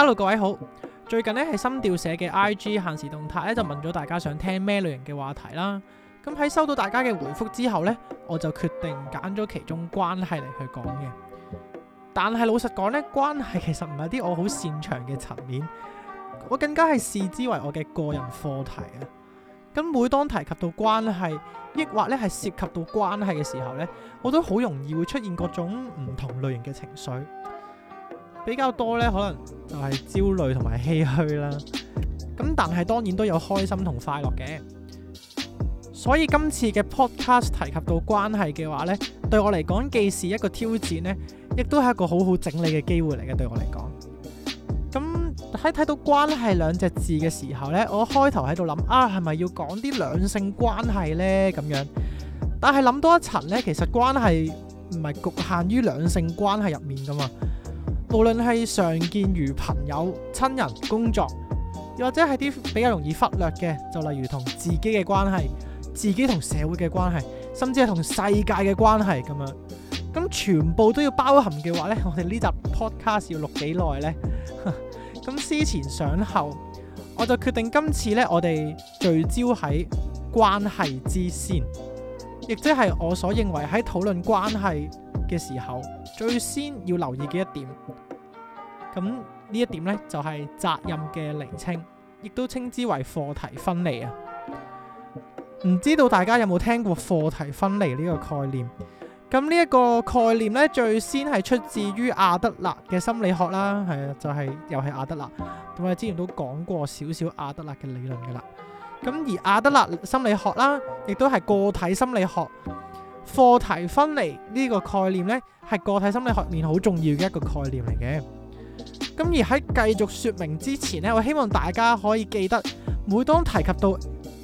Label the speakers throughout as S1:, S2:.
S1: Hello 各位好，最近咧係心調社嘅 IG 限時動態咧就問咗大家想聽咩類型嘅話題啦，咁喺收到大家嘅回覆之後咧，我就決定揀咗其中關係嚟去講嘅。但係老實講咧，關係其實唔係啲我好擅長嘅層面，我更加係視之為我嘅個人課題啊。咁每當提及到關係，抑或咧係涉及到關係嘅時候咧，我都好容易會出現各種唔同類型嘅情緒。比較多咧，可能就係焦慮同埋唏噓啦。咁但係當然都有開心同快樂嘅，所以今次嘅 podcast 提及到關係嘅話咧，對我嚟講既是一個挑戰咧，亦都係一個好好整理嘅機會嚟嘅。對我嚟講，咁喺睇到關係兩隻字嘅時候咧，我開頭喺度諗啊，係咪要講啲兩性關係咧？咁樣，但係諗多一層咧，其實關係唔係局限於兩性關係入面噶嘛。無論係常見如朋友、親人、工作，又或者係啲比較容易忽略嘅，就例如同自己嘅關係、自己同社會嘅關係，甚至係同世界嘅關係咁樣，咁全部都要包含嘅話呢，我哋呢集 podcast 要錄幾耐呢？咁 思前想後，我就決定今次呢，我哋聚焦喺關係之先，亦即係我所認為喺討論關係。嘅時候，最先要留意嘅一點，咁呢一點呢，就係、是、責任嘅釐清，亦都稱之為課題分離啊。唔知道大家有冇聽過課題分離呢個概念？咁呢一個概念呢，最先係出自於阿德勒嘅心理學啦，係啊，就係、是、又係阿德勒，同我之前都講過少少阿德勒嘅理論噶啦。咁而阿德勒心理學啦，亦都係個體心理學。課題分離呢個概念呢，係個體心理學面好重要嘅一個概念嚟嘅。咁而喺繼續說明之前呢，我希望大家可以記得，每當提及到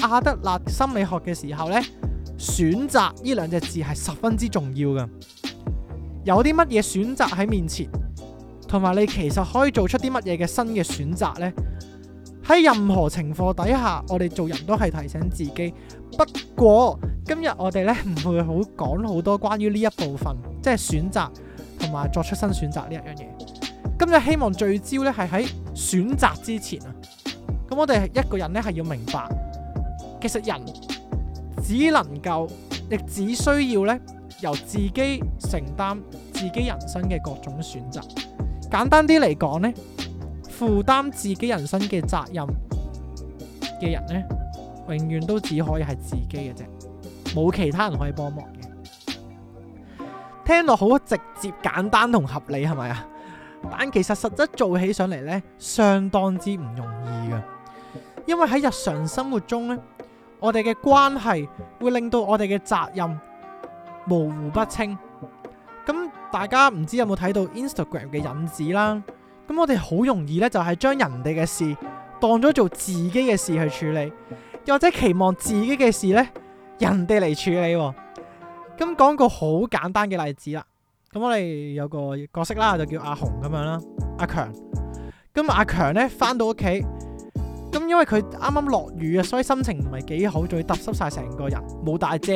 S1: 阿德勒心理學嘅時候呢，選擇呢兩隻字係十分之重要嘅。有啲乜嘢選擇喺面前，同埋你其實可以做出啲乜嘢嘅新嘅選擇呢？喺任何情況底下，我哋做人都係提醒自己。不過今日我哋咧唔會好講好多關於呢一部分，即係選擇同埋作出新選擇呢一樣嘢。今日希望聚焦咧係喺選擇之前啊。咁、嗯、我哋一個人咧係要明白，其實人只能夠亦只需要咧由自己承擔自己人生嘅各種選擇。簡單啲嚟講咧。負擔自己人生嘅責任嘅人呢，永遠都只可以係自己嘅啫，冇其他人可以幫忙嘅。聽落好直接、簡單同合理，係咪啊？但其實實質做起上嚟呢，相當之唔容易嘅，因為喺日常生活中呢，我哋嘅關係會令到我哋嘅責任模糊不清。咁大家唔知有冇睇到 Instagram 嘅引子啦？咁我哋好容易呢，就係將人哋嘅事當咗做自己嘅事去處理，又或者期望自己嘅事呢，人哋嚟處理啊。咁講個好簡單嘅例子啦，咁我哋有個角色啦，就叫阿紅咁樣啦，阿強。咁阿強呢返到屋企，咁因為佢啱啱落雨啊，所以心情唔係幾好，仲要揼濕晒成個人，冇帶遮。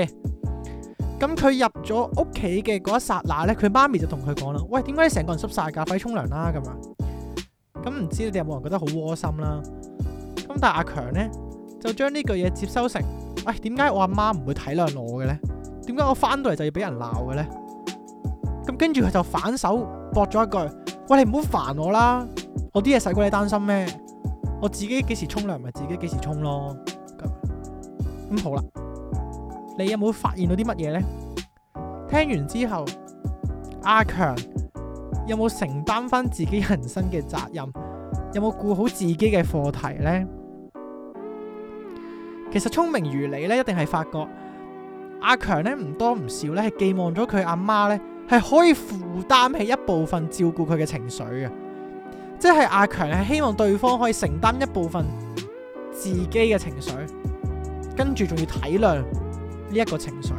S1: 咁佢入咗屋企嘅嗰一剎那呢，佢媽咪就同佢講啦：喂，點解你成個人濕晒噶？快啲沖涼啦！咁樣。咁唔知你哋有冇人覺得好窩心啦、啊？咁但阿強呢，就將呢句嘢接收成，喂、哎，點解我阿媽唔會體諒我嘅呢？點解我翻到嚟就要俾人鬧嘅呢？咁跟住佢就反手駁咗一句，喂，你唔好煩我啦，我啲嘢使過你擔心咩？我自己幾時沖涼咪自己幾時沖咯。咁好啦，你有冇發現到啲乜嘢呢？聽完之後，阿強，有冇承擔返自己人生嘅責任？有冇顧好自己嘅課題呢？其實聰明如你咧，一定係發覺阿強咧唔多唔少咧，係寄望咗佢阿媽咧係可以負擔起一部分照顧佢嘅情緒嘅，即係阿強係希望對方可以承擔一部分自己嘅情緒，跟住仲要體諒呢一個情緒。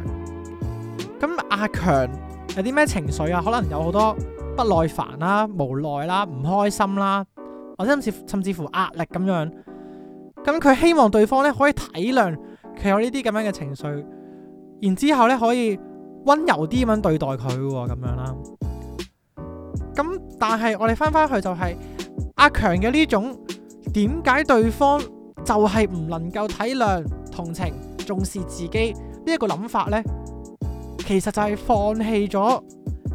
S1: 咁阿強有啲咩情緒啊？可能有好多。不耐煩啦、啊、無奈啦、啊、唔開心啦、啊，或者甚至乎，甚至乎壓力咁樣，咁佢希望對方咧可以體諒佢有呢啲咁樣嘅情緒，然之後咧可以温柔啲咁樣對待佢喎、哦，咁樣啦、啊。咁但係我哋翻返去就係阿強嘅呢種點解對方就係唔能夠體諒、同情、重視自己呢一、這個諗法呢，其實就係放棄咗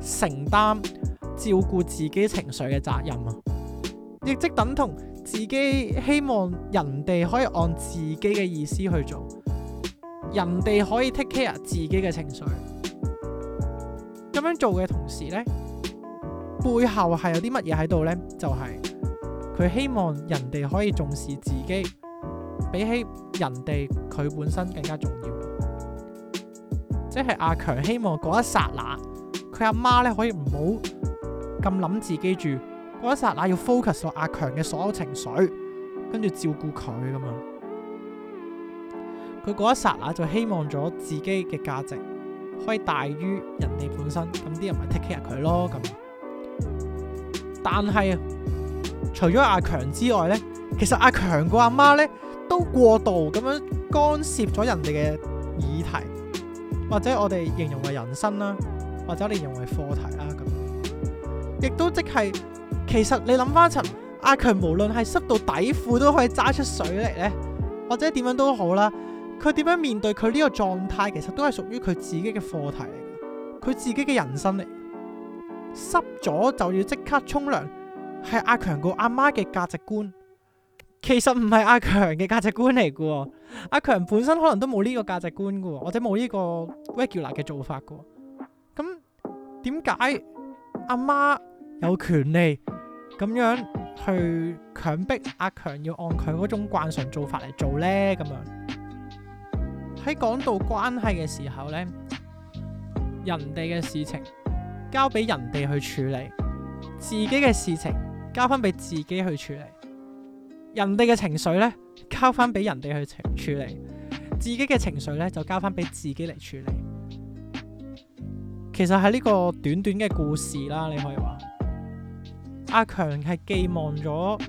S1: 承擔。照顧自己情緒嘅責任啊，亦即等同自己希望人哋可以按自己嘅意思去做，人哋可以 take care 自己嘅情緒。咁樣做嘅同時呢，背後係有啲乜嘢喺度呢？就係佢希望人哋可以重視自己，比起人哋佢本身更加重要。即係阿強希望嗰一剎那，佢阿媽咧可以唔好。咁諗自己住嗰一剎那，要 focus 到阿強嘅所有情緒，跟住照顧佢咁啊。佢嗰一剎那就希望咗自己嘅價值可以大於人哋本身，咁啲人咪 take care 佢咯咁。但係除咗阿強之外呢，其實阿強個阿媽呢都過度咁樣干涉咗人哋嘅議題，或者我哋形容為人生啦，或者我哋形容為課題啦咁。亦都即係，其實你諗翻層阿強，無論係濕到底褲都可以揸出水嚟，呢，或者點樣都好啦。佢點樣面對佢呢個狀態，其實都係屬於佢自己嘅課題，佢自己嘅人生嚟。濕咗就要即刻沖涼，係阿強個阿媽嘅價值觀。其實唔係阿強嘅價值觀嚟噶，阿強本身可能都冇呢個價值觀噶，或者冇呢個 regular 嘅做法噶。咁點解阿媽有權利，咁樣去強迫阿強要按佢嗰種慣常做法嚟做呢？咁樣喺講到關係嘅時候呢，人哋嘅事情交俾人哋去處理，自己嘅事情交翻俾自己去處理，人哋嘅情緒呢，交翻俾人哋去處理，自己嘅情緒呢就交翻俾自己嚟處理。其實係呢個短短嘅故事啦，你可以話。阿強係寄望咗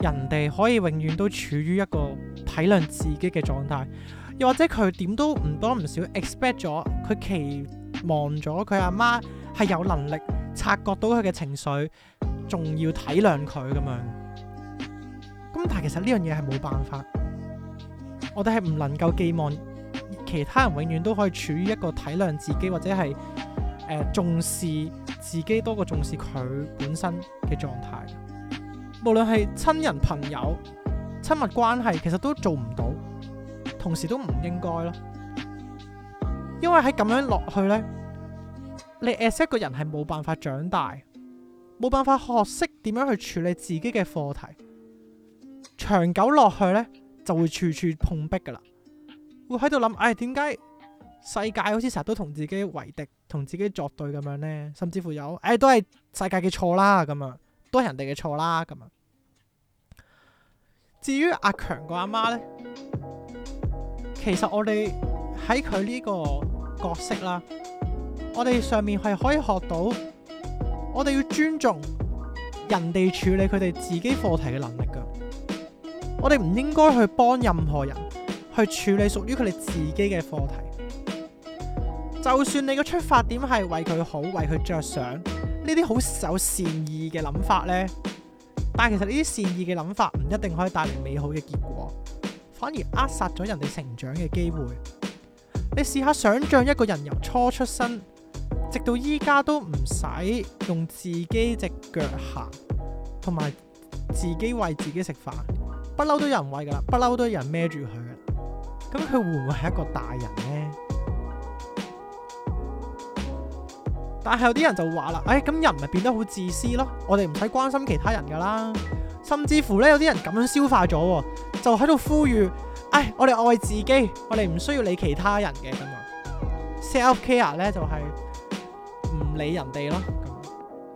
S1: 人哋可以永遠都處於一個體諒自己嘅狀態，又或者佢點都唔多唔少 expect 咗，佢期望咗佢阿媽係有能力察覺到佢嘅情緒，仲要體諒佢咁樣。咁但係其實呢樣嘢係冇辦法，我哋係唔能夠寄望其他人永遠都可以處於一個體諒自己或者係誒、呃、重視。自己多過重視佢本身嘅狀態，無論係親人、朋友、親密關係，其實都做唔到，同時都唔應該咯。因為喺咁樣落去呢，你 as 一個人係冇辦法長大，冇辦法學識點樣去處理自己嘅課題，長久落去呢，就會處處碰壁噶啦，會喺度諗，唉、哎，點解？世界好似成日都同自己為敵，同自己作對咁樣呢？甚至乎有誒、哎，都係世界嘅錯啦，咁啊，都係人哋嘅錯啦，咁啊。至於阿強個阿媽呢？其實我哋喺佢呢個角色啦，我哋上面係可以學到，我哋要尊重人哋處理佢哋自己課題嘅能力噶。我哋唔應該去幫任何人去處理屬於佢哋自己嘅課題。就算你個出發點係為佢好、為佢着想，呢啲好有善意嘅諗法呢，但係其實呢啲善意嘅諗法唔一定可以帶嚟美好嘅結果，反而扼殺咗人哋成長嘅機會。你試下想象一個人由初出生，直到依家都唔使用,用自己隻腳行，同埋自己喂自己食飯，不嬲都有人喂噶啦，不嬲都有人孭住佢，咁佢會唔會係一個大人呢？但係有啲人就話啦，唉、哎，咁人咪變得好自私咯，我哋唔使關心其他人噶啦，甚至乎咧有啲人咁樣消化咗，就喺度呼籲，唉、哎，我哋愛自己，我哋唔需要理其他人嘅咁啊，self care 咧就係、是、唔理人哋咯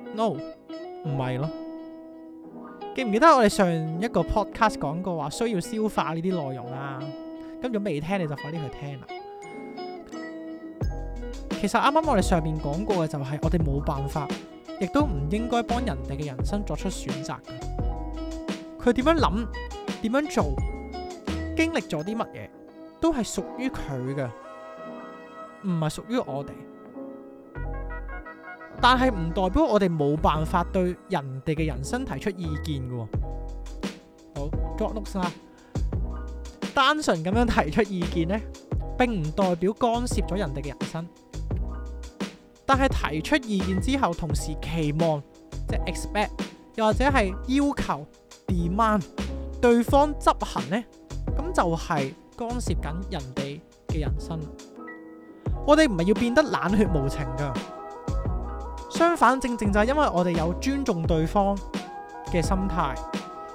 S1: 咁，no 唔係咯，記唔記得我哋上一個 podcast 講過話需要消化呢啲內容啊？咁仲未聽你就快啲去聽啦。其實啱啱，我哋上面講過嘅就係，我哋冇辦法，亦都唔應該幫人哋嘅人生作出選擇。佢點樣諗，點樣做，經歷咗啲乜嘢，都係屬於佢嘅，唔係屬於我哋。但係唔代表我哋冇辦法對人哋嘅人生提出意見嘅。好，John Lucas，單純咁樣提出意見呢，並唔代表干涉咗人哋嘅人生。但係提出意見之後，同時期望即 expect，又或者係要求 demand 對方執行呢，咁就係干涉緊人哋嘅人生。我哋唔係要變得冷血無情噶，相反正正就係因為我哋有尊重對方嘅心態，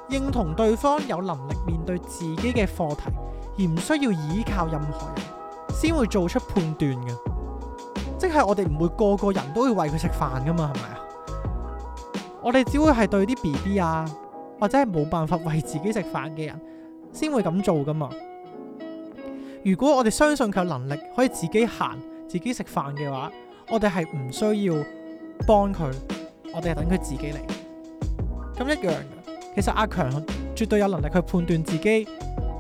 S1: 認同對方有能力面對自己嘅課題，而唔需要依靠任何人，先會做出判斷嘅。即係我哋唔會個個人都要餵佢食飯噶嘛，係咪啊？我哋只會係對啲 BB 啊，或者係冇辦法餵自己食飯嘅人，先會咁做噶嘛。如果我哋相信佢有能力可以自己行、自己食飯嘅話，我哋係唔需要幫佢，我哋係等佢自己嚟。咁一樣嘅，其實阿強絕對有能力去判斷自己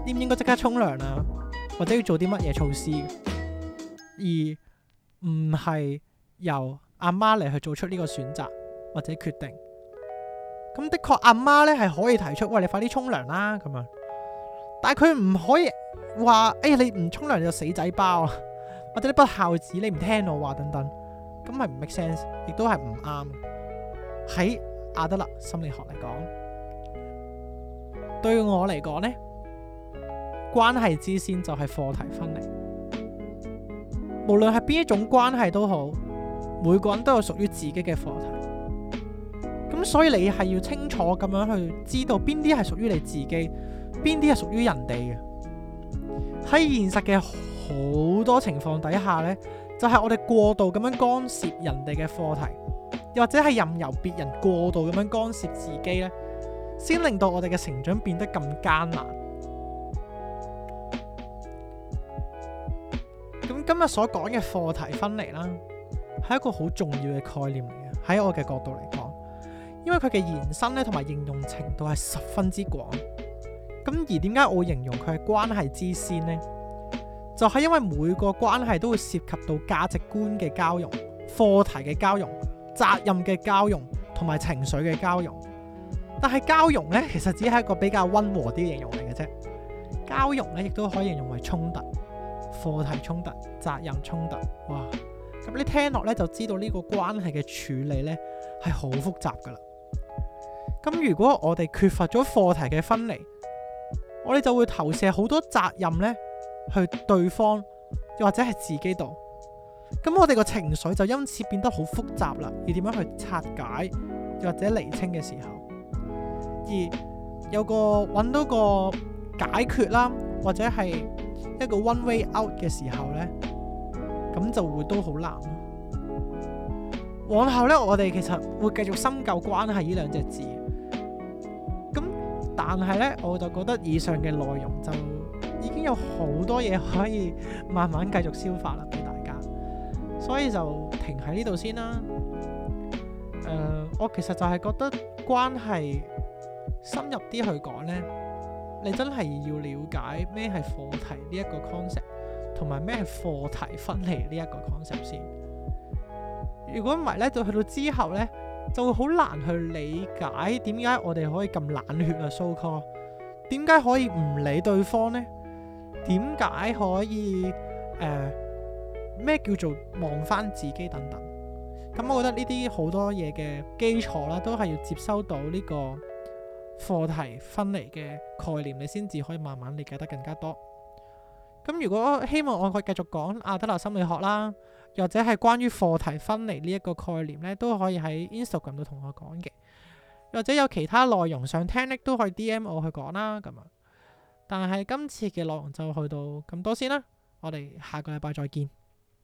S1: 應唔應該即刻沖涼啊，或者要做啲乜嘢措施，而。唔係由阿媽嚟去做出呢個選擇或者決定，咁的確阿媽呢係可以提出，喂，你快啲沖涼啦，咁樣，但係佢唔可以話，哎、欸、你唔沖涼就死仔包啊，或者你不孝子，你唔聽我話等等，咁係唔 make sense，亦都係唔啱。喺阿德勒心理學嚟講，對我嚟講呢，關係之先就係課題分離。無論係邊一種關係都好，每個人都有屬於自己嘅課題。咁所以你係要清楚咁樣去知道邊啲係屬於你自己，邊啲係屬於人哋嘅。喺現實嘅好多情況底下呢就係，我哋過度咁樣干涉人哋嘅課題，又或者係任由別人過度咁樣干涉自己呢先令到我哋嘅成長變得咁艱難。今日所講嘅課題分離啦，係一個好重要嘅概念嚟嘅。喺我嘅角度嚟講，因為佢嘅延伸咧同埋應用程度係十分之廣。咁而點解我會形容佢係關係之先呢？就係因為每個關係都會涉及到價值觀嘅交融、課題嘅交融、責任嘅交融同埋情緒嘅交融。但係交融呢，其實只係一個比較溫和啲嘅形容嚟嘅啫。交融呢，亦都可以形容為衝突。課題衝突、責任衝突，哇！咁你聽落咧，就知道呢個關係嘅處理咧係好複雜噶啦。咁如果我哋缺乏咗課題嘅分離，我哋就會投射好多責任咧去對方，又或者係自己度。咁我哋個情緒就因此變得好複雜啦。要點樣去拆解，又或者釐清嘅時候，而有個搵到個解決啦，或者係。一個 one way out 嘅時候呢，咁就會都好難、啊。往後呢，我哋其實會繼續深究關係呢兩隻字。咁但係呢，我就覺得以上嘅內容就已經有好多嘢可以慢慢繼續消化啦，俾大家。所以就停喺呢度先啦。誒、呃，我其實就係覺得關係深入啲去講呢。你真係要了解咩係課題呢一個 concept，同埋咩係課題分離呢一個 concept 先。如果唔係咧，就去到之後咧，就會好難去理解點解我哋可以咁冷血啊，so call 點解可以唔理對方呢？點解可以誒咩、呃、叫做望翻自己等等？咁、嗯、我覺得呢啲好多嘢嘅基礎啦，都係要接收到呢、呢個。課題分離嘅概念，你先至可以慢慢理解得更加多。咁如果希望我可以繼續講阿德勒心理學啦，又或者係關於課題分離呢一個概念呢，都可以喺 Instagram 度同我講嘅。或者有其他內容想聽呢，都可以 DM 我去講啦。咁啊，但係今次嘅內容就去到咁多先啦。我哋下個禮拜再見。